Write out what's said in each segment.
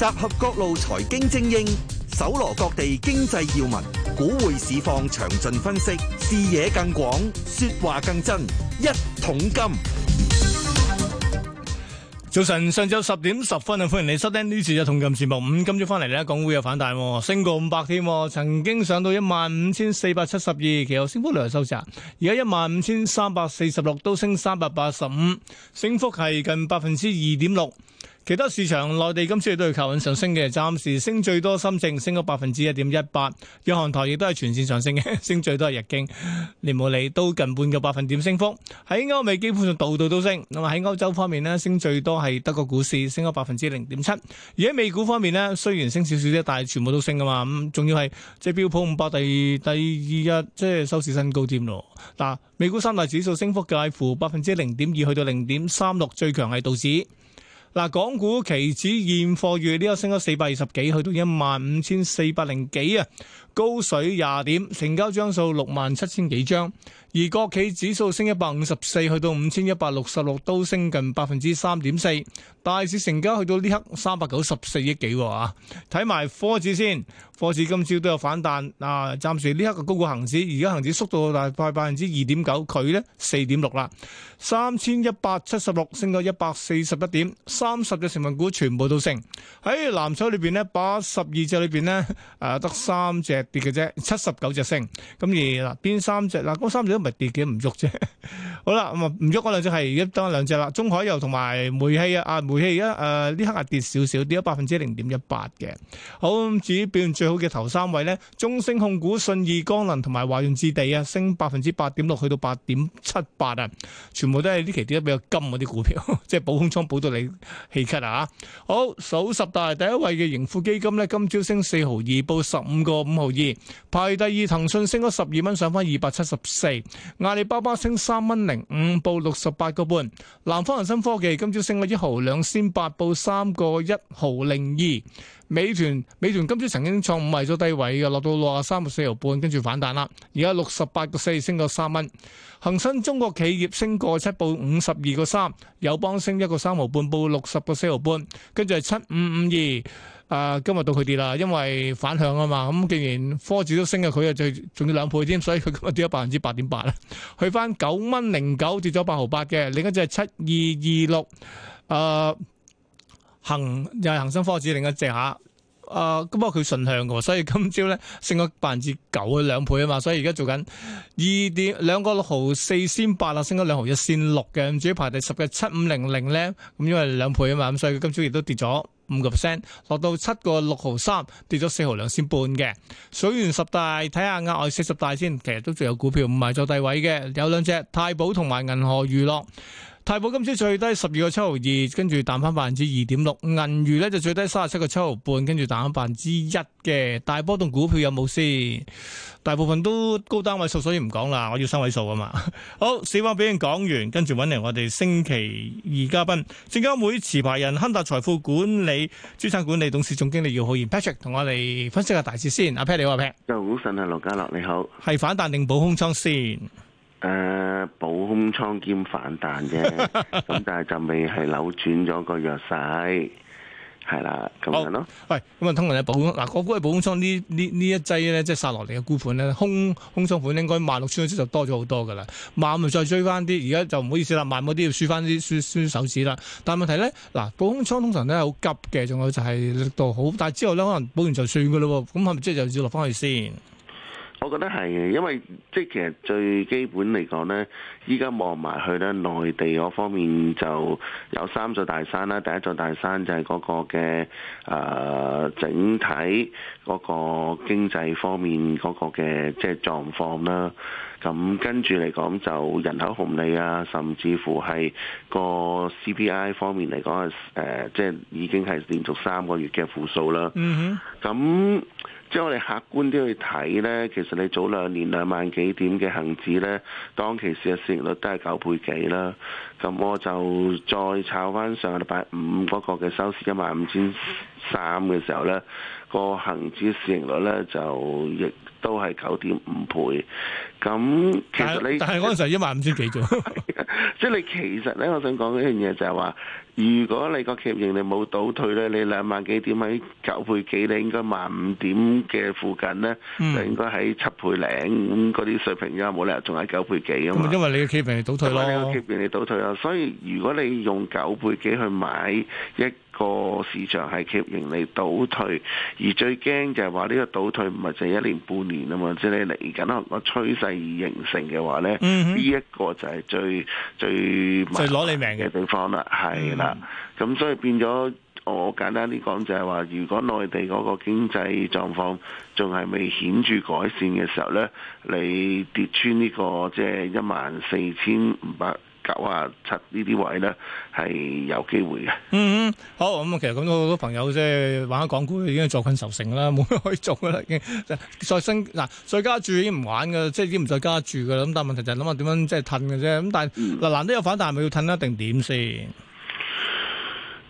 集合各路財經精英，搜羅各地經濟要聞，股匯市況詳盡分析，視野更廣，說話更真。一桶金，早晨，上晝十點十分啊！歡迎你收聽呢次嘅一桶金節目。五金鐘翻嚟呢，港股有反彈，升過五百添，曾經上到一萬五千四百七十二，其後升幅略收窄，而家一萬五千三百四十六都升三百八十五，升幅係近百分之二點六。其他市場內地今次亦都係靠穩上升嘅，暫時升最多，深證升咗百分之一點一八，日韓台亦都係全線上升嘅，升最多係日經，連摩利都近半個百分點升幅。喺歐美基本上度度都升，咁喺歐洲方面呢，升最多係德國股市升咗百分之零點七，而喺美股方面呢，雖然升少少啫，但係全部都升噶嘛。咁仲要係即係標普五百第第二日即係收市新高添咯。嗱，美股三大指數升幅介乎百分之零點二去到零點三六，最強係道指。嗱，港股期指現貨月呢個升咗四百二十幾，去到一萬五千四百零幾啊。高水廿點，成交張數六萬七千幾張，而國企指數升一百五十四，去到五千一百六十六，都升近百分之三點四。大市成交去到呢刻三百九十四億幾啊！睇埋科指先，科指今朝都有反彈啊！暫、呃、時呢刻嘅高股恒指，而家恒指縮到大概百分之二點九，佢呢四點六啦，三千一百七十六升到一百四十一點，三十隻成分股全部都升。喺藍籌裏邊呢，八十二、呃、隻裏邊呢，誒得三隻。跌嘅啫，七十九隻升，咁而嗱邊三隻嗱嗰三隻都唔係跌嘅，唔喐啫。好啦，咁啊唔喐嗰兩隻係而家得兩隻啦，中海油同埋煤氣啊，煤氣啊煤氣而家誒呢刻啊跌少少，跌咗百分之零點一八嘅。好，至於表現最好嘅頭三位咧，中升控股、信義光能同埋華潤置地啊，升百分之八點六，去到八點七八啊，全部都係呢期跌得比較金嗰啲股票，即係補空倉補到你氣咳啊！好，數十大第一位嘅盈富基金咧，今朝升四毫二報，報十五個五毫。二排第二，騰訊升咗十二蚊，上翻二百七十四；阿里巴巴升三蚊零五，報六十八個半。南方恒生科技今朝升咗一毫兩仙八，報三個一毫零二。美團美團今朝曾經創五位咗低位嘅，落到六啊三個四毫半，跟住反彈啦，而家六十八個四，升咗三蚊。恒生中國企業升過七，報五十二個三。友邦升一個三毫半，報六十個四毫半，跟住係七五五二。啊、呃，今日到佢跌啦，因為反向啊嘛，咁、嗯、既然科指都升嘅，佢又再仲要兩倍添，所以佢今日跌咗百分之八點八咧， 去翻九蚊零九跌咗八毫八嘅。另一隻係七二二六，啊，恒又係恒生科指另一隻嚇，啊、呃，咁不過佢順向嘅，所以今朝咧升咗百分之九嘅兩倍啊嘛，所以而家做緊二點兩個六毫四先八啊，升咗兩毫一先六嘅，至於排第十嘅七五零零咧，咁因為兩倍啊嘛，咁所以佢今朝亦都跌咗。五個 percent 落到七個六毫三，跌咗四毫兩仙半嘅。水源十大睇下額外四十大先，其實都仲有股票唔係在低位嘅，有兩隻太保同埋銀河娛樂。太保今朝最低十二個七毫二，跟住彈翻百分之二點六。銀娛咧就最低三十七個七毫半，跟住彈翻百分之一嘅。大波動股票有冇先？大部分都高單位數，所以唔講啦。我要三位數啊嘛。好，小話俾人講完，跟住揾嚟我哋星期二嘉賓，證監會持牌人亨達財富管理資產管理董事總經理姚浩然。Patrick 同我哋分析下大事先。阿 Patrick 話，你好，晨啊，羅家樂你好。係反彈定補空倉先？誒、呃，保空倉兼反彈嘅，咁 但係就未係扭轉咗個弱勢，係啦，咁樣咯。喂，咁、嗯、啊，通常咧保空嗱、啊，我估係保空倉呢、就是、呢呢一劑咧，即係殺落嚟嘅股盤咧，空空倉盤應該萬六千點就多咗好多噶啦，賣咪再追翻啲，而家就唔好意思啦，賣冇啲要輸翻啲輸輸手指啦。但係問題咧，嗱、啊，保空倉通常咧好急嘅，仲有就係力度好，但係之後咧可能保完就算噶啦，咁係咪即係就是要落翻去先？我覺得係嘅，因為即係其實最基本嚟講呢，依家望埋去咧，內地嗰方面就有三座大山啦。第一座大山就係嗰個嘅誒、呃、整體嗰個經濟方面嗰個嘅即係狀況啦。咁跟住嚟講就人口紅利啊，甚至乎係個 CPI 方面嚟講係誒，即係已經係連續三個月嘅負數啦。嗯哼，咁。即係我哋客觀啲去睇呢，其實你早兩年兩萬幾點嘅恆指呢，當其時嘅市盈率都係九倍幾啦。咁我就再炒翻上個禮拜五嗰個嘅收市一萬五千。15, 三嘅時候咧，個恆指市盈率咧就亦都係九點五倍。咁、嗯、其實你，但係嗰陣時一萬五千幾啫。即係你其實咧，我想講一樣嘢就係話，如果你個企業盈利冇倒退咧，你兩萬幾點喺九倍幾，你應該萬五點嘅附近咧，就應該喺七倍零咁嗰啲水平，因為冇理由仲喺九倍幾啊嘛。嗯、因為你嘅企業盈利倒退啦，你嘅企業盈利倒退啦，所以如果你用九倍幾去買，亦個市場係企業盈利倒退，而最驚就係話呢個倒退唔係就一年半年啊嘛，即係你嚟緊個趨勢而形成嘅話呢，呢一、嗯、哼個就係最最最攞你命嘅地方啦，係啦的。咁的所以變咗我簡單啲講就係、是、話，如果內地嗰個經濟狀況仲係未顯著改善嘅時候呢，你跌穿呢、這個即係一萬四千五百。九啊七呢啲位咧，係有機會嘅。嗯嗯，好咁啊！其實咁多好多朋友即係玩港股已經係坐困愁城啦，冇乜可以做噶啦，已經再升嗱再加注已經唔玩噶，即係已經唔再加注噶啦。咁但係問題就係諗下點樣即係褪嘅啫。咁但係嗱，難得有反彈，咪要褪一定點先？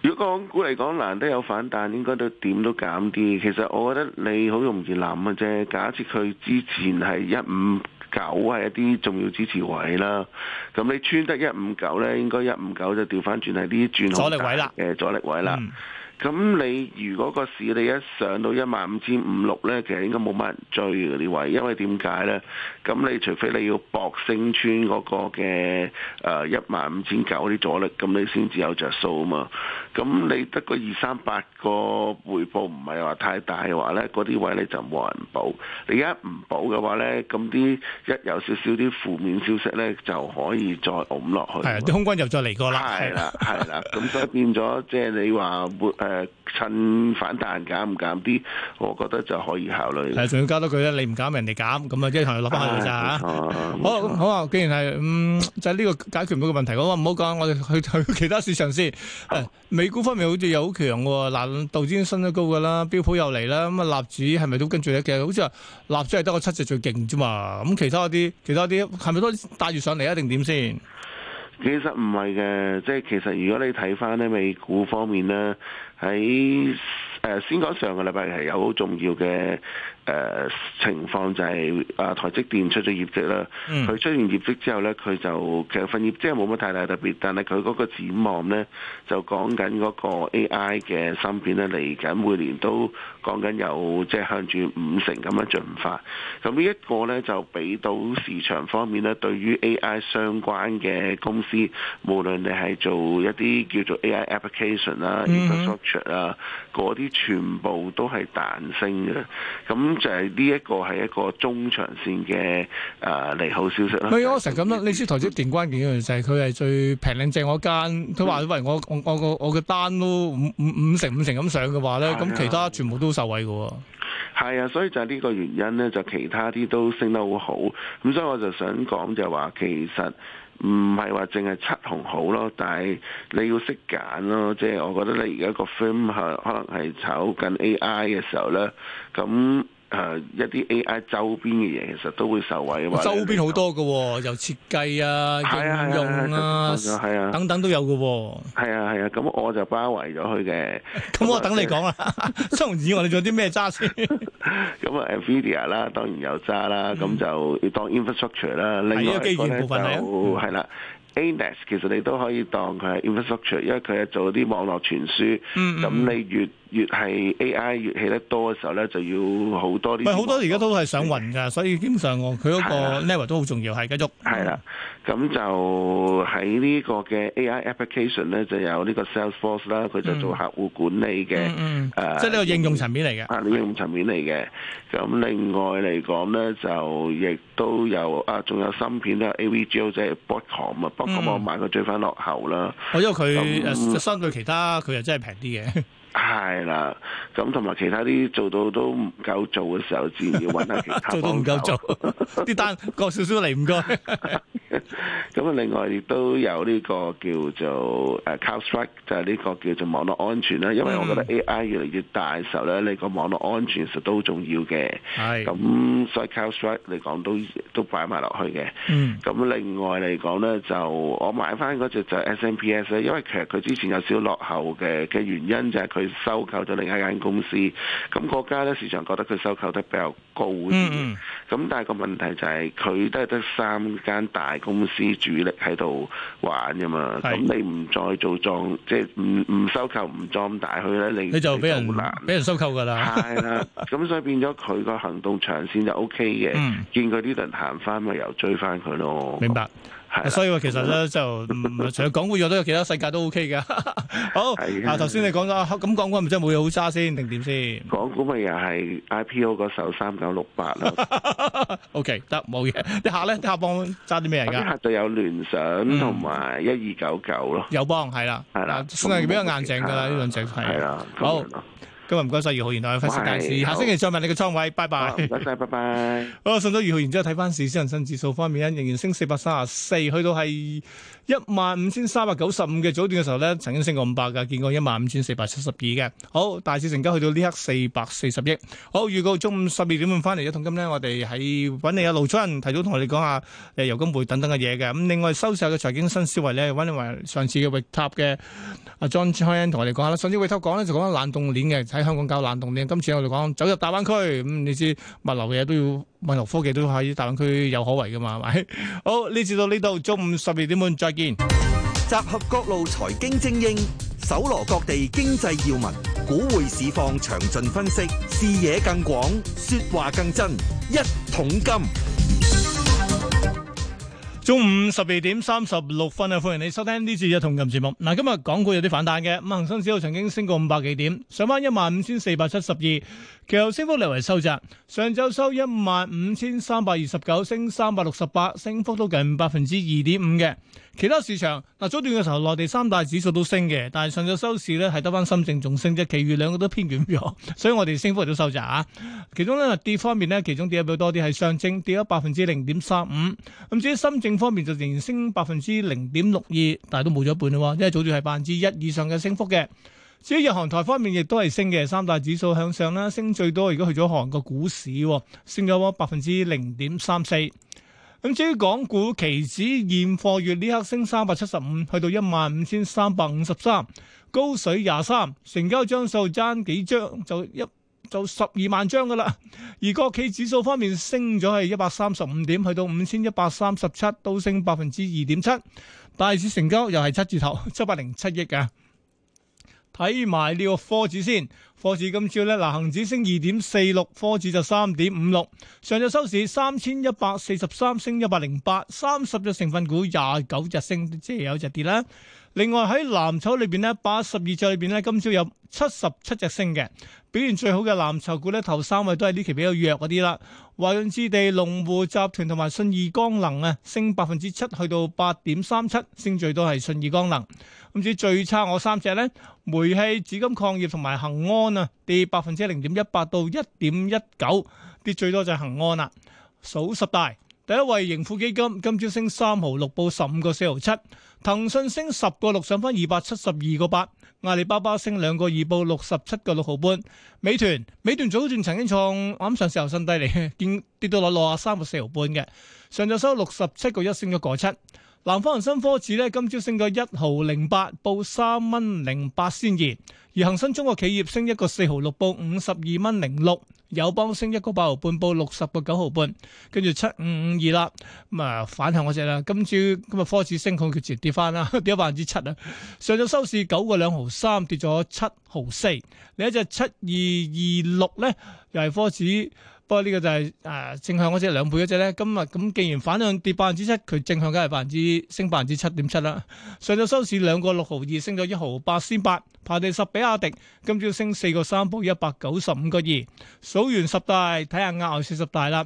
如果港股嚟講，難得有反彈，應該都點都減啲。其實我覺得你好容易諗嘅啫。假設佢之前係一五。九係一啲重要支持位啦，咁你穿得一五九咧，應該一五九就調翻轉係啲轉向嘅阻力位啦。嗯咁你如果個市你一上到一萬五千五六咧，其實應該冇乜人追嗰啲位，因為點解咧？咁你除非你要博勝穿嗰個嘅誒一萬五千九啲阻力，咁你先至有着數啊嘛。咁你得個二三八個回報唔係話太大嘅話咧，嗰啲位咧就冇人保。你一唔保嘅話咧，咁啲一有少少啲負面消息咧，就可以再㧬落去。係啊，空軍又再嚟過啦。係啦，係啦，咁所以變咗即係你話誒、呃，趁反彈減唔減啲？我覺得就可以考慮。係，仲要加多句咧，你唔減人哋減，咁啊，即係同佢落翻去咋好啊錯，好啊，既然係、嗯，就係、是、呢個解決唔到個問題。我話唔好講，我哋去睇其他市場先。好美股方面好似又好強喎。嗱，道指升得高㗎啦，標普又嚟啦，咁啊，納指係咪都跟住咧？嘅？其實好似話納指係得個七隻最勁啫嘛。咁其他啲，其他啲係咪都帶住上嚟一定點先？其，是是其實唔係嘅，即係其實如果你睇翻呢美股方面呢。喺誒，先講上個禮拜係有好重要嘅。誒情況就係啊，台積電出咗業績啦。佢、mm. 出完業績之後呢，佢就其實份業績係冇乜太大特別，但係佢嗰個展望呢，就講緊嗰個 AI 嘅芯片呢嚟緊每年都講緊有，即係向住五成咁樣進發。咁呢一個呢，就俾到市場方面呢，對於 AI 相關嘅公司，無論你係做一啲叫做 AI application 啦、mm.，infrastructure 啊，嗰啲全部都係彈升嘅。咁就係呢一個係一個中長線嘅誒、呃、利好消息啦。係啊，我成日咁樣。你知，頭先電關鍵一樣就係佢係最平靚正嗰間。佢話：喂，我我我個我嘅單都五五五成五成咁上嘅話咧，咁、啊、其他全部都受惠嘅。係啊，所以就係呢個原因咧，就其他啲都升得好好。咁所以我就想講就係話，其實唔係話淨係七紅好咯，但係你要識揀咯。即、就、係、是、我覺得你而家個 frame 係可能係炒緊 AI 嘅時候咧，咁。誒一啲 AI 周邊嘅嘢其實都會受惠啊嘛！周邊好多嘅，又設計啊，應用啊，係啊，等等都有嘅喎。係啊係啊，咁我就包圍咗佢嘅。咁我等你講啦，張子，我哋仲有啲咩揸先？咁啊，Nvidia 啦，當然有揸啦，咁就要當 infrastructure 啦。另外一個咧就係啦，ANET 其實你都可以當佢係 infrastructure，因為佢係做啲網絡傳輸。嗯，咁你越越係 AI 越起得多嘅時候咧，就要好多啲。好多而家都係上雲㗎，所以基本上佢嗰個 level 都好重要，係繼續。係啦，咁就喺呢個嘅 AI application 咧，就有呢個 Salesforce 啦，佢就做客戶管理嘅。即係呢個應用層面嚟嘅。啊，應用層面嚟嘅。咁另外嚟講咧，就亦都有啊，仲有芯片啦，AVGO，即係 Broadcom 啊，不過我買個追翻落後啦。因為佢相對其他佢又真係平啲嘅。係啦，咁同埋其他啲做到都唔夠做嘅時候，自然要搵下其他幫手 做到唔夠做，啲單過少少嚟唔該，咁啊，另外亦都有呢個叫做誒、uh, cloud strike，就係呢個叫做網絡安全啦。因為我覺得 AI 越嚟越大嘅時候咧，你個網絡安全實都好重要嘅。係咁 so cloud strike 嚟講都都擺埋落去嘅。嗯。咁另外嚟講咧，就我買翻嗰隻就 S N P S 咧，因為其實佢之前有少落後嘅嘅原因就係佢。佢收購咗另一間公司，咁國家咧，市場覺得佢收購得比較高啲，咁、嗯嗯、但係個問題就係、是、佢都係得三間大公司主力喺度玩㗎嘛，咁是你唔再做莊，即係唔唔收購唔壯大佢咧，你你就俾人俾人收購㗎啦，係 啦，咁所以變咗佢個行動長線就 O K 嘅，嗯、見佢呢輪行翻咪又追翻佢咯，明白。對所以話其實咧就除咗港股外，都有其他世界都 O K 噶。好，啊頭、e、先你講咗咁港股唔知係冇嘢好揸先定點先？港股咪又係 I P O 嗰首三九六八咯。O K，得冇嘢。一下咧，一下幫揸啲咩人噶？一下就有聯想同埋一二九九咯。友邦係啦，係啦，算係比較硬淨噶啦呢兩隻，係啦、啊，好。今日唔該晒余浩然同埋分析師，喂下星期再問你嘅倉位，拜拜。唔該曬，拜拜。好，送咗余浩然之後，睇翻市，恒生指數方面咧，仍然升四百三十四，去到係一萬五千三百九十五嘅早段嘅時候咧，曾經升過五百噶，見過一萬五千四百七十二嘅。好，大市成交去到呢刻四百四十億。好，預告中午十二點半翻嚟一桶金咧，我哋喺揾你阿盧楚人提早同我哋講下誒油金匯等等嘅嘢嘅。咁、嗯、另外收市嘅財經新思維咧，揾你話上次嘅魏塔嘅阿、啊、John Chan 同我哋講下啦。上次魏塔講咧就講冷凍鏈嘅，喺香港搞冷凍鏈。今次我哋講走入大灣區。咁、嗯、你知物流嘅嘢都要。萬諾科技都喺大灣區有可為㗎嘛？係咪？好，呢次到呢度，中午十二點半再見。集合各路財經精英，搜羅各地經濟要聞，股匯市況詳盡分析，視野更廣，說話更真，一桶金。中午十二點三十六分啊，歡迎你收聽呢次嘅一桶金節目。嗱，今日港股有啲反彈嘅，咁恒生指數曾經升過五百幾點，上返一萬五千四百七十二，其後升幅略為收窄。上晝收一萬五千三百二十九，升三百六十八，升幅都近百分之二點五嘅。其他市場，嗱，早段嘅時候，內地三大指數都升嘅，但係上晝收市咧係得翻深證仲升啫，其餘兩個都偏軟咗，所以我哋升幅都收窄啊。其中咧跌方面咧，其中跌得比較多啲係上證跌咗百分之零點三五，咁、嗯、至於深證方面就仍然升百分之零點六二，但係都冇咗一半咯，因為早段係百分之一以上嘅升幅嘅。至於日韓台方面亦都係升嘅，三大指數向上啦，升最多如果去咗韓國股市、哦、升咗百分之零點三四。咁至於港股期指現貨月呢刻升三百七十五，去到一萬五千三百五十三，高水廿三，成交張數爭幾張就一就十二萬張噶啦。而國企指數方面升咗係一百三十五點，去到五千一百三十七，都升百分之二點七。大市成交又係七字頭，七百零七億㗎。睇埋呢個科指先。科指今朝咧，嗱，恒指升二點四六，科指就三點五六。上日收市三千一百四十三，升一百零八，三十隻成分股廿九隻升，即係有一隻跌啦。另外喺藍籌裏邊呢，八十二隻裏邊呢，今朝有七十七隻升嘅，表現最好嘅藍籌股呢，頭三位都係呢期比較弱嗰啲啦。華潤置地、龍湖集團同埋信義光能啊，升百分之七，去到八點三七，升最多係信義光能。咁至於最差我三隻呢，煤氣、紫金礦業同埋恒安啊，跌百分之零點一八到一點一九，跌最多就係恒安啦。數十大。第一位盈富基金今朝升三毫六，報十五個四毫七。騰訊升十個六，上返二百七十二個八。阿里巴巴升兩個二，報六十七個六毫半。美團美團早段曾經創，啱上市時候新低嚟，見 跌到落落六十三個四毫半嘅，上晝收六十七個一，升咗個七。南方恒生科指呢，今朝升咗一毫零八，報三蚊零八先二。而恒生中國企業升一個四毫六，報五十二蚊零六。友邦升一個八毫，毫半，報六十個九毫半，跟住七五五二啦，咁啊反向嗰隻啦，今朝今日科指升控決前跌跌翻啦，跌咗百分之七啦，上晝收市九個兩毫三，跌咗七毫四，另一隻七二二六咧又係科指。不過呢個就係誒正向嗰隻兩倍嗰隻咧，今日咁既然反向跌百分之七，佢正向梗係百分之升百分之七點七啦。上晝收市兩個六毫二，升咗一毫八先八，排第十比亞迪。今朝升四個三，報一百九十五個二。數完十大，睇下額外四十大啦。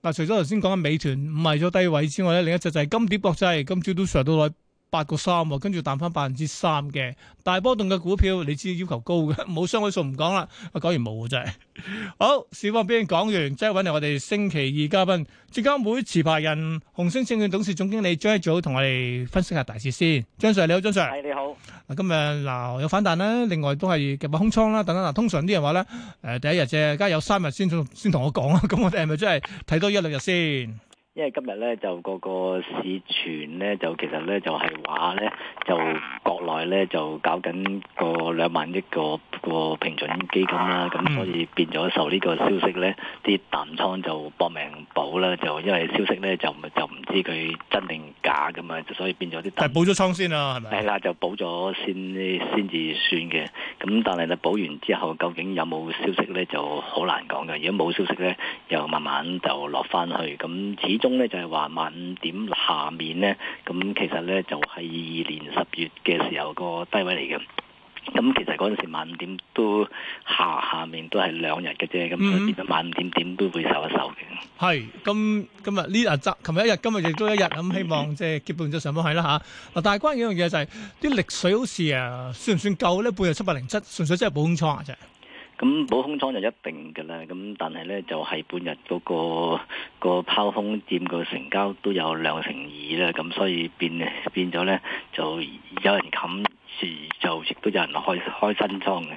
嗱，除咗頭先講嘅美團唔係咗低位之外咧，另一隻就係金蝶國際，今朝都上到來。八個三，跟住彈翻百分之三嘅大波動嘅股票，你知要求高嘅，冇雙位數唔講啦。啊，果然冇啊，真係。好，市況先講完，即係揾嚟我哋星期二嘉賓，證監會持牌人、紅星證券董事總經理張一祖，同我哋分析下大市先。張 Sir 你好，張 Sir、哎。係你好。嗱今日嗱、呃、有反彈啦，另外都係夾埋空倉啦。等等嗱、啊，通常啲人話咧，誒、呃、第一日啫，梗係有三日先同先同我講啊。咁我哋係咪真係睇多一兩日先。因為今日咧就個個市傳咧就，其實咧就係話咧就國內咧就搞緊個兩萬億個個平準基金啦，咁所以變咗受呢個消息咧，啲淡倉就搏命補啦，就因為消息咧就就唔知佢真定假噶嘛，所以變咗啲淡。但係補咗倉先啦，係咪？係啦、嗯，就補咗先先至算嘅。咁但係你補完之後究竟有冇消息咧就好難講嘅。如果冇消息咧，又慢慢就落翻去咁中咧就係話萬五點下面咧，咁其實咧就係二二年十月嘅時候個低位嚟嘅。咁其實嗰陣時萬五點都下下面都係兩日嘅啫，咁變咗萬五點點都會受一受嘅。係、嗯，咁今日呢日執，琴日一日，今日亦都一日咁，希望即係、嗯、結伴咗上返去啦嚇。嗱，但係關於一樣嘢就係、是、啲力水，好似啊算唔算夠咧？半日七百零七，純粹真係保空倉啊啫。咁補空倉就一定嘅啦，咁但係咧就係、是、半日嗰、那個個拋空佔個成交都有兩成二啦，咁所以變變咗咧就有人冚住，就亦都有人開開新倉嘅。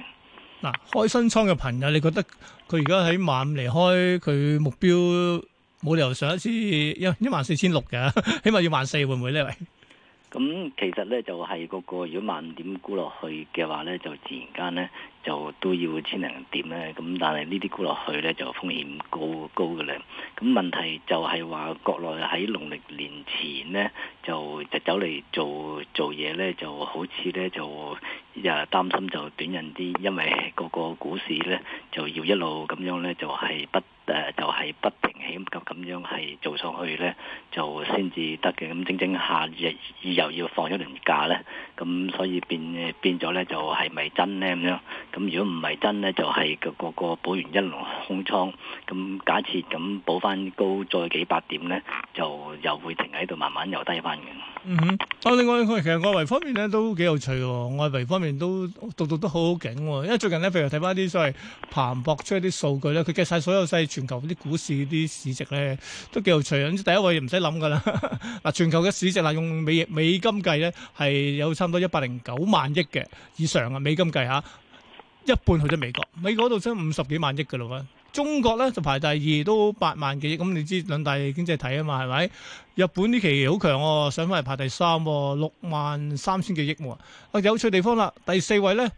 嗱，開新倉嘅、啊、朋友，你覺得佢而家喺萬五嚟開，佢目標冇理由上一次一一萬四千六嘅，14, 起碼要萬四會唔會咧？咁 其實咧就係、是、嗰、那個如果萬五點沽落去嘅話咧，就自然間咧。就都要千零點咧，咁但係呢啲股落去咧就風險高高嘅喇。咁問題就係話國內喺農曆年前咧就就走嚟做做嘢咧，就好似咧就又擔心就短人啲，因為個個股市咧就要一路咁樣咧就係、是、不。誒就係不停起咁咁樣係做上去咧，就先至得嘅。咁整整下日又要放一輪假咧，咁所以變變咗咧就係、是、咪真咧咁樣？咁如果唔係真咧，就係、是、個個個補完一輪空倉。咁假設咁補翻高再幾百點咧，就又會停喺度，慢慢又低翻嘅。嗯哼，另外佢其實外圍方面咧都幾有趣嘅，外圍方面都讀讀都好好勁。因為最近咧，譬如睇翻啲所謂彭博出一啲數據咧，佢計晒所有細全球啲股市啲市值咧都幾有趣。咁第一位唔使諗噶啦，嗱， 全球嘅市值嗱用美美金計咧係有差唔多一百零九萬億嘅以上啊，美金計吓，一半去咗美國，美國度得五十幾萬億噶啦。中國咧就排第二，都八萬幾億，咁、嗯、你知兩大經濟體啊嘛，係咪？日本啲企業好強，上翻嚟排第三、哦，六萬三千幾億喎。啊，有趣地方啦，第四位咧，誒、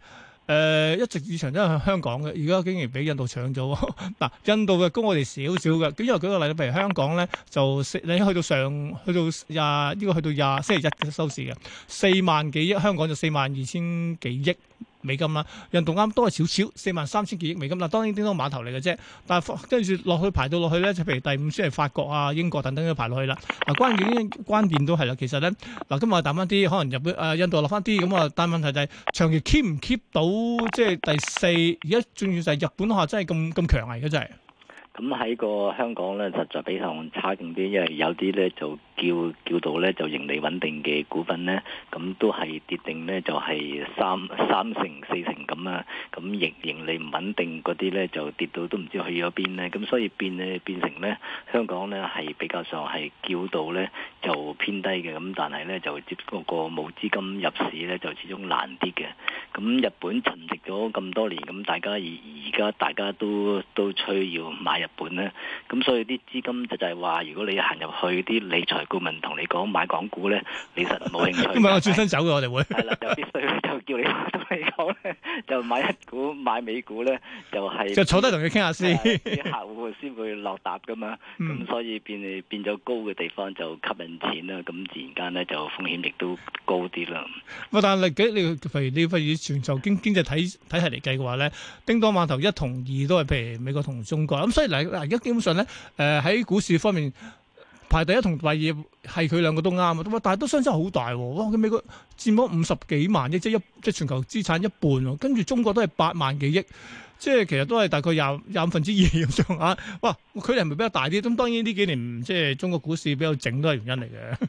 呃、一直以嚟都係香港嘅，而家竟然俾印度搶咗。嗱、 啊，印度嘅高我哋少少嘅，咁因為舉個例子，譬如香港咧就你去到上，去到廿呢、這個去到廿星期一嘅收市嘅，四萬幾億，香港就四萬二千幾億。美金啦、啊，印度啱都係少少，四萬三千幾億美金啦、啊。當然，點都碼頭嚟嘅啫。但係跟住落去排到落去咧，就譬如第五先係法國啊、英國等等都排落去啦。嗱、啊，關鍵關鍵都係啦，其實咧嗱、啊，今日淡翻啲，可能日本啊、呃、印度落翻啲咁啊，但係問題就係、是、長期 keep 唔 keep 到，即係第四。而家仲要就係日本嚇真係咁咁強啊，而家真係。咁喺個香港咧，實在比較差勁啲，因為有啲咧就。叫叫到咧就盈利穩定嘅股份咧，咁都係跌定咧就係、是、三三成四成咁啊，咁盈盈利唔穩定嗰啲咧就跌到都唔知去咗邊咧，咁所以變咧變成咧香港咧係比較上係叫到咧就偏低嘅，咁但係咧就嗰個冇資金入市咧就始終難啲嘅。咁日本沉寂咗咁多年，咁大家而而家大家都都催要買日本咧，咁所以啲資金就就係話如果你行入去啲理財。顧問同你講買港股咧，你實冇興趣。 因為我轉身走嘅，我哋會。係 啦，就必須就叫你同你講咧， 就買一股買美股咧，就係、是、就坐低同佢傾下先、呃、 客戶先會落搭噶嘛。咁、嗯、所以變變咗高嘅地方就吸引錢啦。咁自然間咧就風險亦都高啲啦。唔但係幾你譬如你譬如全球經經濟體體系嚟計嘅話咧，叮噹碼頭一同二都係譬如美國同中國咁。所以嗱而家基本上咧，誒喺股市方面。排第一同第二係佢兩個都啱啊，但係都相差好大喎、哦。哇！佢美國佔咗五十幾萬億，即係一即係全球資產一半喎、哦。跟住中國都係八萬幾億，即係其實都係大概廿廿分之二咁上下。哇！距離係咪比較大啲？咁當然呢幾年即係中國股市比較整都係原因嚟嘅。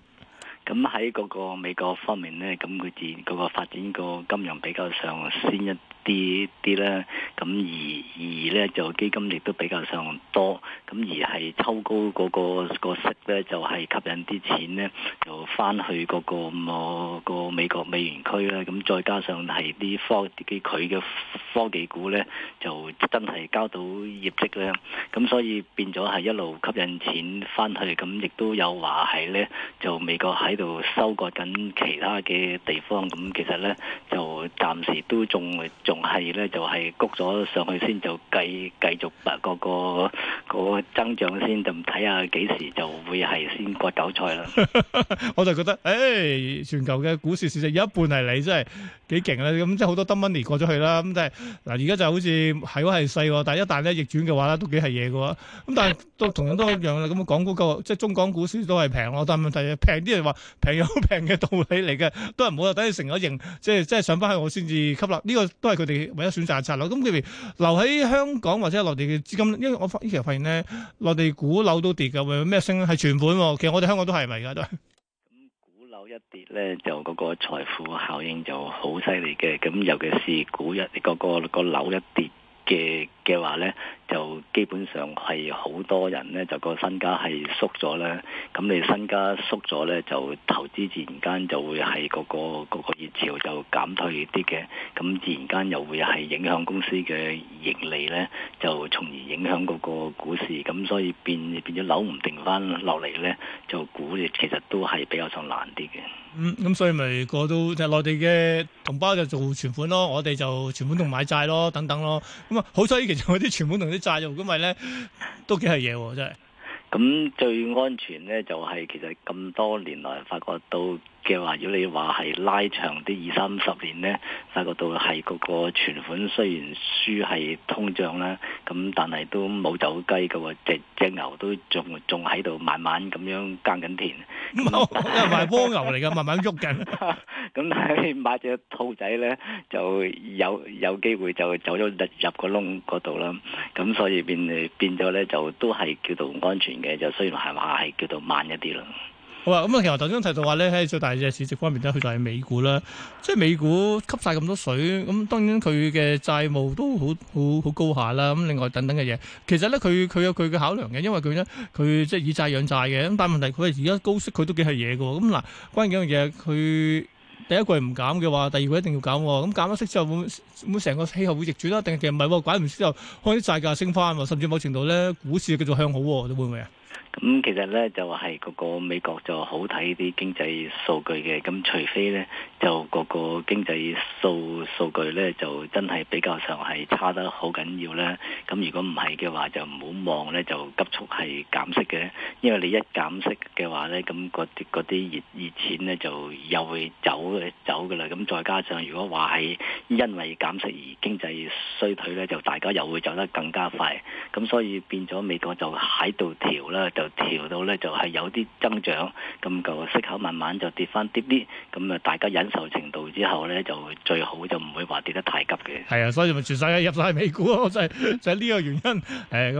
咁喺嗰個美國方面咧，咁佢自然嗰個發展個金融比較上先一。啲啲咧，咁而而咧就基金亦都比較上多，咁而係抽高嗰、那個、那個息咧，就係、是、吸引啲錢咧，就翻去嗰、那個冇、那個美國美元區啦。咁再加上係啲科技佢嘅科技股咧，就真係交到業績咧，咁所以變咗係一路吸引錢翻去，咁亦都有話係咧，就美國喺度收割緊其他嘅地方，咁其實咧就暫時都仲。仲仲係咧，就係谷咗上去先，就繼繼續嗰個嗰個增長先，就唔睇下幾時就會係先割韭菜啦。我就覺得，誒、欸，全球嘅股市市值有一半係你，真係幾勁啦。咁、嗯、即係好多得 money 過咗去啦。咁即係嗱，而家就好似係喎，係細喎，但係一旦咧逆轉嘅話咧，都幾係嘢嘅喎。咁但係都同樣都一樣啦。咁港股個即係中港股市都係平，但係問題平啲人話平有好平嘅道理嚟嘅，都係唔好。等你成咗型，即係即係上翻去我先至吸納啦。呢、這個都係。佢哋唯一選擇係拆樓，咁佢哋留喺香港或者係內地嘅資金，因為我呢期發現咧，內地股樓都跌㗎，為咩升咧？係存款，其實我哋香港都係咪而家都係？咁 股樓一跌咧，就嗰個財富效應就好犀利嘅，咁尤其是股一，嗰、嗰個、嗰個樓一跌嘅嘅話呢，就基本上係好多人呢，就個身家係縮咗咧。咁你身家縮咗呢，就投資自然間就會係嗰個嗰個熱潮就減退啲嘅。咁自然間又會係影響公司嘅盈利呢，就從而影響嗰個股市。咁所以變變咗扭唔定翻落嚟呢，就股其實都係比較上難啲嘅。嗯，咁、嗯、所以咪個都就係內、就是、地嘅同胞就做存款咯，我哋就存款同買債咯，等等咯。咁、嗯、啊，好彩其實我啲存款同啲債就咁咪咧都幾係嘢真係。咁最安全咧就係、是、其實咁多年來發覺到。嘅話，如果你話係拉長啲二三十年咧，發覺到係嗰個存款雖然輸係通脹啦，咁但係都冇走雞嘅喎，隻隻牛都仲仲喺度慢慢咁樣耕緊田，因為係蝸牛嚟嘅， 慢慢喐緊。咁但係你買隻兔仔咧，就有有機會就走咗入入個窿嗰度啦。咁所以變誒變咗咧，就都係叫做唔安全嘅，就雖然係話係叫做慢一啲啦。好啊，咁、嗯、啊，其實頭先提到話咧喺最大隻市值方面咧，佢就係美股啦。即係美股吸晒咁多水，咁當然佢嘅債務都好好好高下啦。咁另外等等嘅嘢，其實咧佢佢有佢嘅考量嘅，因為佢咧佢即係以債養債嘅。咁但係問題佢係而家高息佢都幾係嘢㗎。咁、嗯、嗱、啊，關鍵一樣嘢，佢第一季唔減嘅話，第二季一定要減，哦。咁減咗息之後，會會成個氣候會逆轉啦？定係其實唔係，拐完之後可能債價升翻，甚至某程度咧，股市繼續向好，哦。你會唔會啊？咁其實咧就係嗰個美國就好睇啲經濟數據嘅，咁除非咧就嗰個經濟數數據咧就真係比較上係差得好緊要啦。咁如果唔係嘅話就唔好望咧就急速係減息嘅，因為你一減息嘅話咧，咁嗰啲啲熱熱錢咧就又會走嘅走嘅啦，咁再加上如果話係因為減息而經濟衰退咧，就大家又會走得更加快，咁所以變咗美國就喺度調啦。就調到咧，就係有啲增長，咁個息口慢慢就跌翻啲啲，咁啊大家忍受程度之後咧，就最好就唔會話跌得太急嘅。係啊，所以咪全世界入晒美股咯， 就係就係呢個原因誒，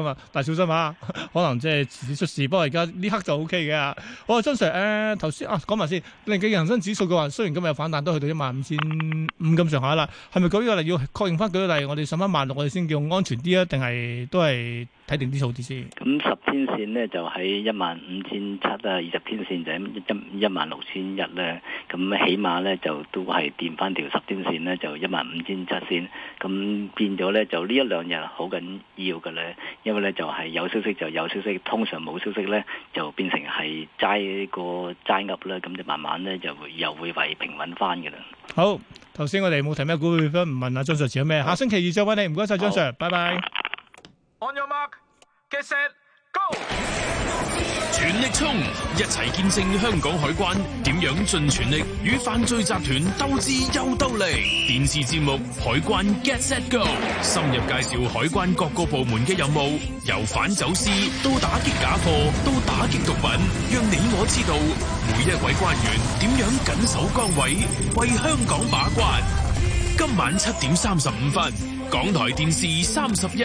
咁 啊、嗯，但係小心嘛，可能即係出事。不過而家呢刻就 OK 嘅。好啊，詹 Sir 頭先啊，講埋先，你嘅恒生指數嘅話，雖然今日有反彈，都去到一萬五千五咁上下啦。係咪舉個例要確認翻舉個例，我哋上一萬六，我哋先叫安全啲啊？定係都係？睇定啲數字先。咁十天線呢，就喺、是、一萬五千七啊，二十天線就一一萬六千一咧。咁起碼咧就都係掂翻條十天線咧，就一萬五千七先。咁變咗咧就呢一兩日好緊要嘅咧，因為咧就係、是、有消息就有消息，通常冇消息咧就變成係齋個齋鴨啦。咁就慢慢咧就會又會為平穩翻嘅啦。好，頭先我哋冇提咩股票，唔問阿張 Sir 咩？下星期二再揾你，唔該曬張 Sir，拜拜好。Bye bye On your mark，get set go，全力衝！一齊見證香港海關點樣盡全力與犯罪集團鬥智又鬥力。電視節目《海關 get set go》深入介紹海關各個部門嘅任務，由反走私到打擊假貨，到打擊毒品，讓你我知道每一位官員點樣緊守崗位，為香港把關。今晚七點三十五分，港台電視三十一。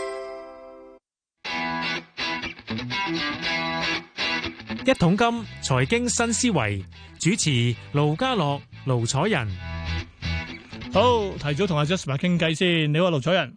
一桶金財經新思維主持盧家樂、盧彩仁，好，提早同阿 Justin 傾偈先。你話盧彩仁，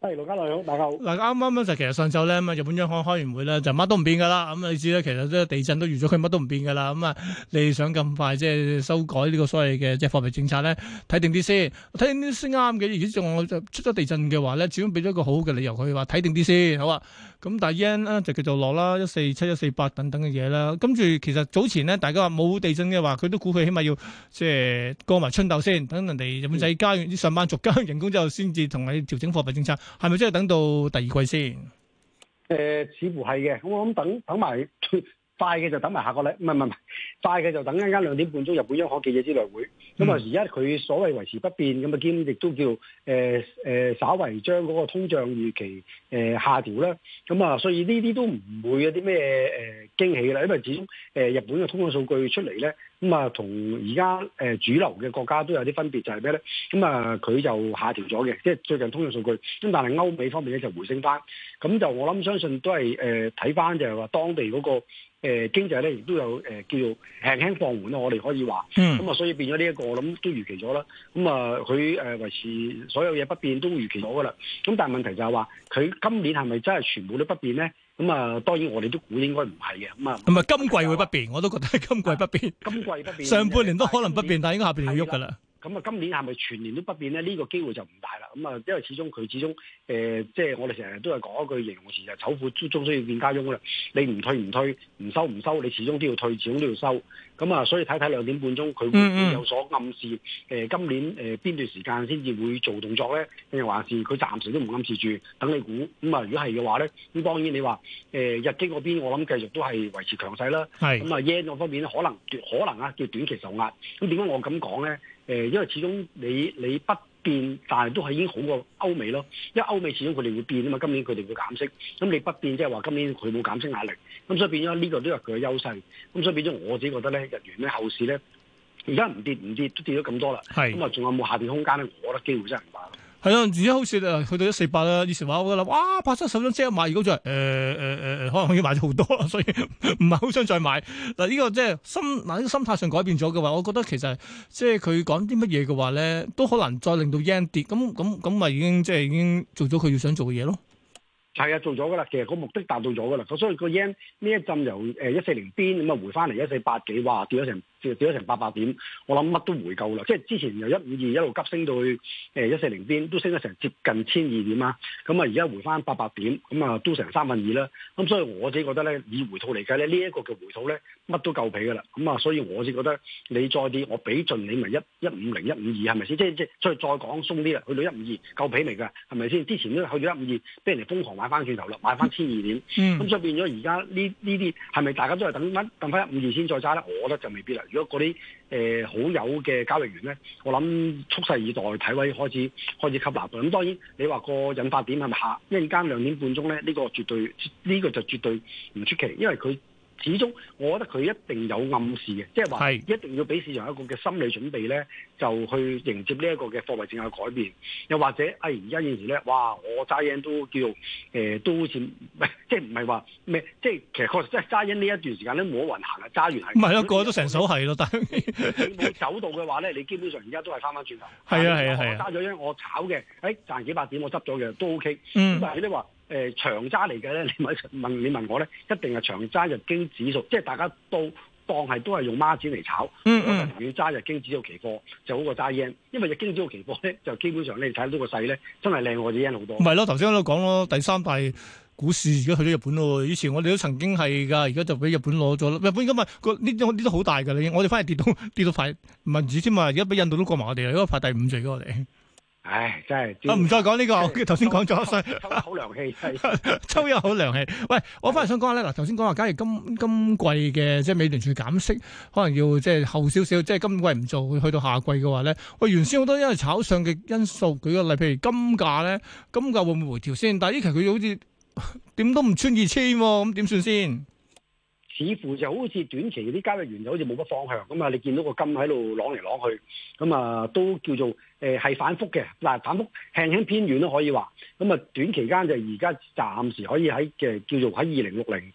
係盧家樂，大家好。嗱，啱啱就其實上晝咧，咁啊日本央行開完會咧，就乜都唔變噶啦。咁你知咧，其實即係地震都預咗佢乜都唔變噶啦。咁啊，你想咁快即係修改呢個所謂嘅即係貨幣政策咧？睇定啲先，睇定啲先啱嘅。如果仲，我就出咗地震嘅話咧，至少俾咗一個好嘅理由，佢話睇定啲先，好啊。咁但係 N 咧就繼續落啦，一四七一四八等等嘅嘢啦。跟住其實早前咧，大家話冇地震嘅話，佢都估佢起碼要即係、呃、過埋春鬥先，等人哋日本仔加完啲上班族加完人工之後，先至同你調整貨幣政策，係咪真係等到第二季先？誒、呃，似乎係嘅。我諗等等埋快嘅就等埋下個禮，唔係唔係唔係。快嘅就等陣間兩點半鐘日本央行記者招待會，咁啊而家佢所謂維持不變，咁啊兼亦都叫誒誒稍為將嗰個通脹預期誒下調啦，咁啊所以呢啲都唔會有啲咩誒驚喜啦，因為始終誒日本嘅通脹數據出嚟咧。 嗯咁啊，同而家誒主流嘅國家都有啲分別，就係咩咧？咁啊，佢就下調咗嘅，即係最近通脹數據。咁但係歐美方面咧就回升翻，咁就我諗相信都係誒睇翻就係話當地嗰、那個誒、呃、經濟咧，亦都有誒、呃、叫做輕輕放緩啦。我哋可以話，咁啊，所以變咗呢一個，我諗都預期咗啦。咁啊，佢誒維持所有嘢不變都預期咗噶啦。咁但係問題就係、是、話，佢今年係咪真係全部都不變咧？咁啊、嗯，當然我哋都估應該唔係嘅，咁、嗯、啊，唔係今季會不變，啊、我都覺得係今季不變，今季不變，上半年都可能不變，但係是應該下面會喐㗎啦。咁啊，今年係咪全年都不變咧？呢、這個機會就唔大啦。咁啊，因為始終佢始終誒、呃，即係我哋成日都係講一句形容詞，就醜婦終須都要變家翁啦。你唔退唔退，唔收唔收，你始終都要退，始終都要收。咁、嗯、啊，所以睇睇兩點半鐘，佢會唔會有所暗示。誒、呃，今年誒邊、呃、段時間先至會做動作咧？又還是佢暫時都唔暗示住，等你估。咁、嗯、啊，如果係嘅話咧，咁當然你話誒、呃、日經嗰邊，我諗繼續都係維持強勢啦。係咁啊，yen 嗰方面可能可能，可能啊叫短期受壓。咁點解我咁講咧？誒，因為始終你你不變，但係都係已經好過歐美咯。因為歐美始終佢哋會變啊嘛，今年佢哋會減息，咁你不變即係話今年佢冇減息壓力，咁所以變咗呢、呢個都有佢嘅優勢。咁所以變咗我自己覺得咧，日元咧後市咧，而家唔跌唔跌都跌咗咁多啦，係。咁啊仲有冇下跌空間咧？我覺得機會真係唔大。係啊，而家好似啊，去到一四八啦。以前話我覺得，哇，拍出手張即刻買，如果再誒誒誒，可能已經買咗好多，所以唔係好想再買。嗱、這個，呢個即係心，嗱呢個心態上改變咗嘅話，我覺得其實即係佢講啲乜嘢嘅話咧，都可能再令到 yen 跌。咁咁咁咪已經即係已經做咗佢要想做嘅嘢咯。係啊，做咗噶啦，其實個目的達到咗噶啦。所以個 yen 呢一浸由誒一四零邊咁啊回翻嚟一四八幾，哇，跌咗成。跌跌咗成八百點，我諗乜都回夠啦。即係之前由一五二一路急升到去誒一四零邊，都升咗成接近千二點啦。咁啊而家回翻八百點，咁啊都成三分二啦。咁所以我自己覺得咧，以回吐嚟計咧，呢一個嘅回吐咧乜都夠皮㗎啦。咁啊，所以我先覺得你再跌，我俾盡你咪一一五零一五二係咪先？即係即係再再講鬆啲啦，去到一五二夠皮嚟㗎？係咪先？之前都去到一五二，俾人哋瘋狂買翻轉頭啦，買翻千二點。嗯。咁所以變咗而家呢呢啲係咪大家都係等翻等翻一五二先再揸咧？我覺得就未必啦。嗰啲誒好友嘅交易員咧，我諗蓄勢以待，體位開始開始吸納。咁當然，你話個引發點係咪下一陣間兩點半鐘咧？呢個絕對，呢個就絕對唔出奇，因為佢始終，我覺得佢一定有暗示嘅，即係話一定要俾市場一個嘅心理準備咧。就去迎接呢一個嘅貨幣政策改變，又或者，哎，而家現時咧，哇，我揸 Yen 都叫，誒、欸，都好似，唔係即係唔係話咩，即係其實確實真係揸緊呢一段時間咧，冇人行嘅揸完係，唔係啊，個都成手係咯，但係佢冇走到嘅話咧，你基本上而家都係翻翻轉頭，係啊係啊，啊。揸咗 Yen，我炒嘅，誒、欸、賺幾百點我執咗嘅都 OK，咁、嗯、但係你話誒、呃、長揸嚟嘅咧，你問你問我咧，一定係長揸日經指數，即係大家都。當係都係用孖紙嚟炒，嗯、嗯我係寧願揸日經指數期貨就好過揸煙，因為日經指數期貨咧，就基本上你睇到個勢咧，真係靚過啲煙好多。唔係咯，頭先喺度講咯，第三大股市而家去咗日本咯。以前我哋都曾經係㗎，而家就俾日本攞咗咯。日本而家、係個呢啲呢啲好大㗎啦，我哋反而跌到跌到快民子先嘛。而家俾印度都過埋我哋啦，應該排第五最嘅我哋。唉，真係我唔再講呢個，頭先講咗，抽一口涼氣， 抽一口涼氣。 喂，我翻嚟想講下咧，嗱，頭先講話，假如今今季嘅即係美聯儲減息，可能要即係後少少，即係今季唔做，去到下季嘅話咧，喂，原先好多因為炒上嘅因素，舉個例，譬如金價咧，金價會唔會回調先？但係呢期佢好似點都唔穿二千喎，咁點算先？似乎就好似短期啲交易員就好似冇乜方向咁啊！你見到個金喺度攞嚟攞去，咁啊都叫做誒係、呃、反覆嘅，嗱，反覆，輕輕偏軟都可以話。咁啊短期間就而家暫時可以喺嘅叫做喺二零六零，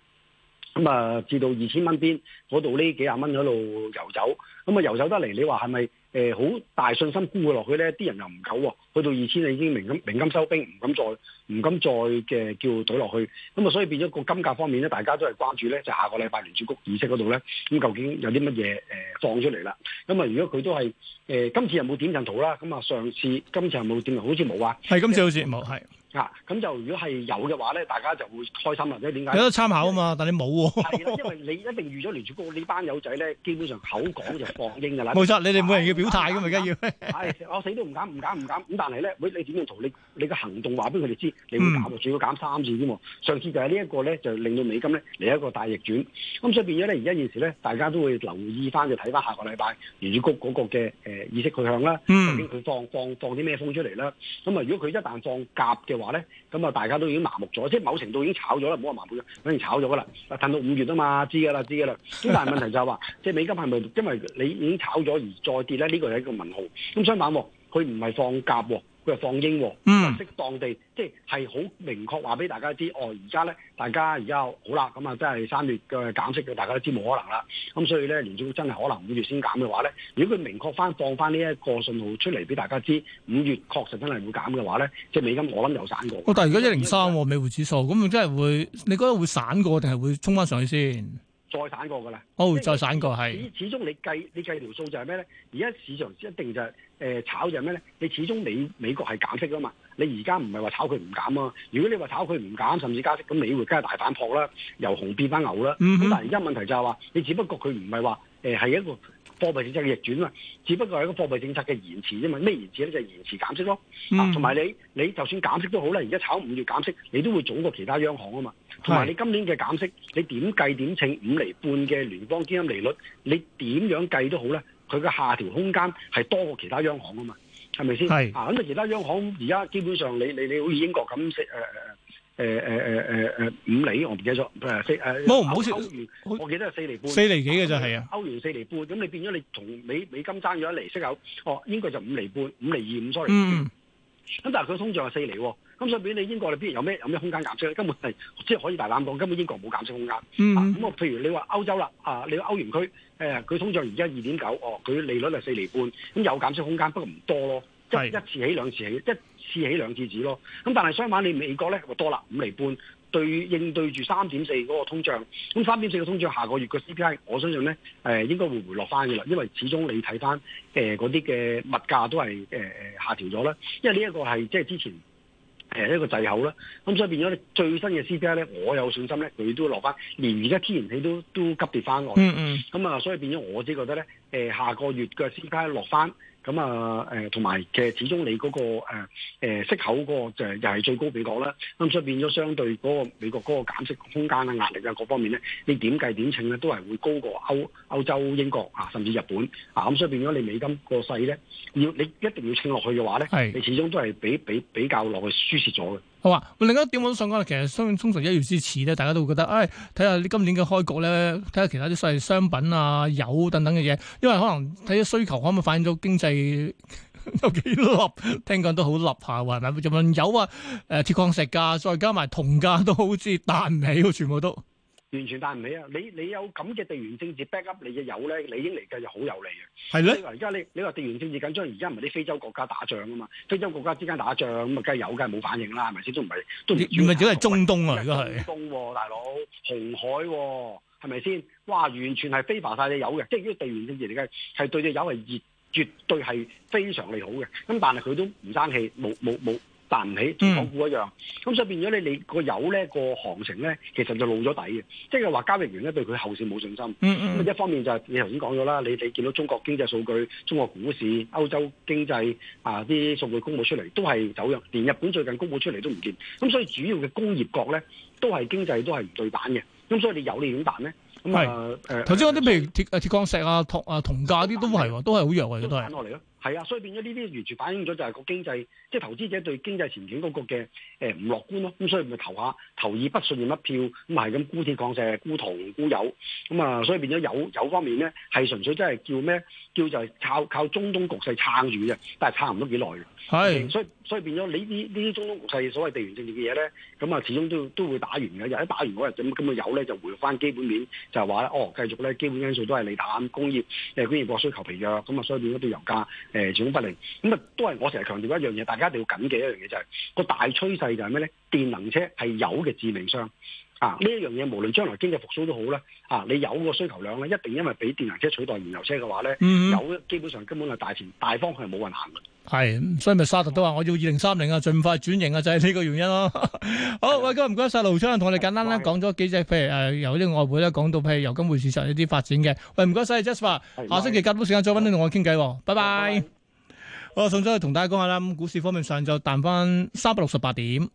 咁啊至到二千蚊邊嗰度呢幾廿蚊嗰度遊走，咁啊遊走得嚟，你話係咪？誒，好、呃、大信心估佢落去咧，啲人又唔夠、哦，去到二千啊，已經鳴金鳴金收兵，唔敢再唔敢再嘅叫賭落去，咁啊，所以變咗個金價方面咧，大家都係關注咧，就是、下個禮拜聯儲局議息嗰度咧，咁究竟有啲乜嘢誒放出嚟啦？咁啊，如果佢都係誒、呃、今次又冇點陣圖啦，咁啊上次今次又冇點，好似冇啊？係今次好似冇係。嗯啊，咁就如果係有嘅話咧，大家就會開心啦。即係點解？有得參考啊嘛，為但你冇喎、啊。係啦，因為你一定預咗聯儲局，你班呢班友仔咧，基本上口講就放鷹嘅啦。冇錯，你哋每人要表態㗎嘛，而家 要。係、 哎，我、哎啊、死都唔減，唔減，唔減。咁但係咧，喂，你點樣做？你你嘅行動話俾佢哋知，你會減，最好、嗯、減三次啫嘛。上次就係呢一個咧，就令到美金咧嚟一個大逆轉。咁所以變咗咧，而家現，在現，在現在時咧，大家都會留意翻，就睇翻下個禮拜聯儲局嗰個嘅誒、呃、意識去向啦。究竟佢放放放啲咩風出嚟啦！咁啊，如果佢一旦放鴿嘅，話咧，咁啊，大家都已經麻木咗，即係某程度已經炒咗啦，唔好話麻木咗，反正炒咗噶啦，啊，褪到五月啊嘛，知噶啦，知噶啦。咁但係問題就係話，即係美金係咪因為你已經炒咗而再跌咧？呢個係一個問號。咁相反，佢唔係放鴿。佢又放鷹，嗯、適當地即係好明確話俾大家知，哦而家咧，大家而家好啦，咁啊即係三月嘅減息，大家都知冇可能啦。咁、嗯、所以咧，聯儲會真係可能五月先減嘅話咧，如果佢明確翻放翻呢一個信號出嚟俾大家知，五月確實真係會減嘅話咧，即係美金我諗有散過、哦。但係而家一零三美匯指數，咁佢真係會你覺得會散過定係會衝翻上去先？再散過噶啦，哦、oh，再散過係。始始終你計你計條數就係咩咧？而家市場一定就誒、是呃、炒就係咩咧？你始終美美國係減息噶嘛？你而家唔係話炒佢唔減嘛？如果你話炒佢唔減，甚至加息，咁你會更加大反撲啦，由熊變翻牛啦。咁、mm hmm. 但係而家問題就係、是、話，你只不過佢唔係話誒係一個貨幣政策嘅逆轉啊嘛，只不過係一個貨幣政策嘅延遲啫嘛。咩延遲咧？就係、是、延遲減息咯。同埋、mm hmm. 你你就算減息都好啦，而家炒五月減息，你都會早過其，其，其他央行啊嘛。同埋你今年嘅減息，你點計點請，五厘半嘅聯邦基金利率，你點樣計都好咧，佢嘅下調空間係多過其他央行啊嘛，係咪先？係是啊，咁啊其他央行而家基本上你，你你你好似英國咁，誒誒誒誒誒誒誒五厘我唔記得咗，誒、呃、四誒。冇唔好笑，我記得係四厘半。四釐幾嘅就係、是、啊。歐元四厘半，咁、嗯、你變咗你同美美金爭咗一厘，息口，哦，應該就五厘半、五厘二、五 sorry 咁但係佢通脹係四釐，咁、嗯、所以俾你英國，你邊有咩有咩空間減息，根本係即係可以大膽講，根本英國冇減息空間。咁、mm hmm. 啊、嗯，譬如你話歐洲啦，啊你話歐元區，誒、啊、佢通脹而家二點九，哦佢利率係四厘半，咁、嗯、有減息空間，不過唔多咯，一一次起兩次起，一次起兩次止咯。咁、嗯、但係相反，你美國咧就多啦，五厘半。對應對住三點四嗰個通脹，咁三點四嘅通脹，下個月嘅 CPI，我相信咧，誒、呃、應該會回落翻嘅啦，因為始終你睇翻誒嗰啲嘅物價都係誒誒下調咗啦，因為呢、呃、一個係即係之前誒一個滯口啦，咁所以變咗你最新嘅 CPI 咧，我有信心咧，佢都落翻，連而家天然氣都都急跌翻落，嗯嗯，咁啊、嗯，所以變咗我自己覺得咧，誒、呃、下個月嘅 CPI 落翻。咁啊，誒同埋其實，始終你嗰、那個誒、呃、息口嗰個就又係最高美國啦，咁、嗯、所以變咗相對嗰個美國嗰個減息空間啊、壓力啊各方面咧，你點計點稱咧都係會高過歐歐洲、英國啊，甚至日本啊，咁、嗯、所以變咗你美金個勢咧，要你一定要稱落去嘅話咧，是你始終都係比比比較落去輸蝕咗嘅。好啊！另一點我都想講啦，其實相信通常一月之始咧，大家都會覺得，唉、哎，睇下啲今年嘅開局咧，睇下其他啲所謂商品啊、油等等嘅嘢，因為可能睇下需求可唔可以反映到經濟有幾立？聽講都好立下，話唔埋，仲問油啊、誒、呃、鐵礦石價，再加埋銅價都好似彈唔起喎，全部都。完全帶唔起啊！你你有咁嘅地緣政治 back up 你嘅油咧的，你應嚟計就好有利嘅。係咧，而家你你話地緣政治緊張，而家唔係啲非洲國家打仗啊嘛？非洲國家之間打仗咁啊，梗係有，梗係冇反應啦，係咪先？都唔係原來只係中東啊，如果係。中東喎、啊，是大佬紅海喎、啊，係咪先？哇！完全係非白晒你友嘅，即係依啲地緣政治嚟計，係對你友係熱，絕對係非常利好嘅。咁但係佢都唔爭氣，冇冇冇。彈唔起，同港股一樣。咁、嗯啊、所以變咗咧，你個油呢、嗰個行情咧，其實就露咗底嘅。即係話交易員咧對佢後市冇信心。咁、嗯嗯嗯、一方面就係你頭先講咗啦，你哋見到中國經濟數據、中國股市、歐洲經濟啊啲數據公佈出嚟都係走弱，連日本最近公佈出嚟都唔見。咁、啊、所以主要嘅工業國咧都係經濟都係唔對版嘅。咁、啊、所以你油你點辦咧？咁啊誒，頭先嗰啲譬如鐵啊鐵礦石啊銅啊銅價啲都係喎，都係好弱嘅都係。都係啊，所以變咗呢啲完全反映咗就係個經濟，即係投資者對經濟前景嗰個嘅誒唔樂觀咯。咁、嗯、所以咪投下投以不信任一票，咁係咁沽鐵礦石、沽銅、沽油咁啊、嗯。所以變咗油油方面咧，係純粹真係叫咩？叫就係靠靠中東局勢撐住嘅，但係撐唔到幾耐嘅。係是。呃所以所以變咗呢啲呢啲中東局勢所謂地緣政治嘅嘢咧，咁、嗯、啊始終都都會打完嘅。又喺打完嗰日，咁咁嘅油咧就回翻基本面，就係話咧，哦，繼續咧基本因素都係利淡，工業誒、呃、工業國需求疲弱，咁啊所以變咗對油價誒、呃、始終不利。咁、嗯、啊都係我成日強調一樣嘢，大家一定要緊記一樣嘢就係、是、個大趨勢就係咩咧？電能車係油嘅致命傷啊！呢一樣嘢無論將來經濟復甦都好啦啊，你油個需求量咧一定因為俾電能車取代燃油車嘅話咧，油基本上根本係大前大方向冇運行。.係，所以咪沙特都話我要二零三零啊，盡快轉型啊，就係、是、呢個原因咯、啊。 好謝謝、呃，喂，今日唔該晒盧昌，同我哋簡單咧講咗幾隻譬如誒，由呢個外匯咧講到譬如由金匯市場呢啲發展嘅。喂，唔該晒 Jasper 下星期夾到時間再揾你同我傾偈、啊，拜拜。我同咗去同大家講下啦。咁股市方面上晝彈翻三百六十八點。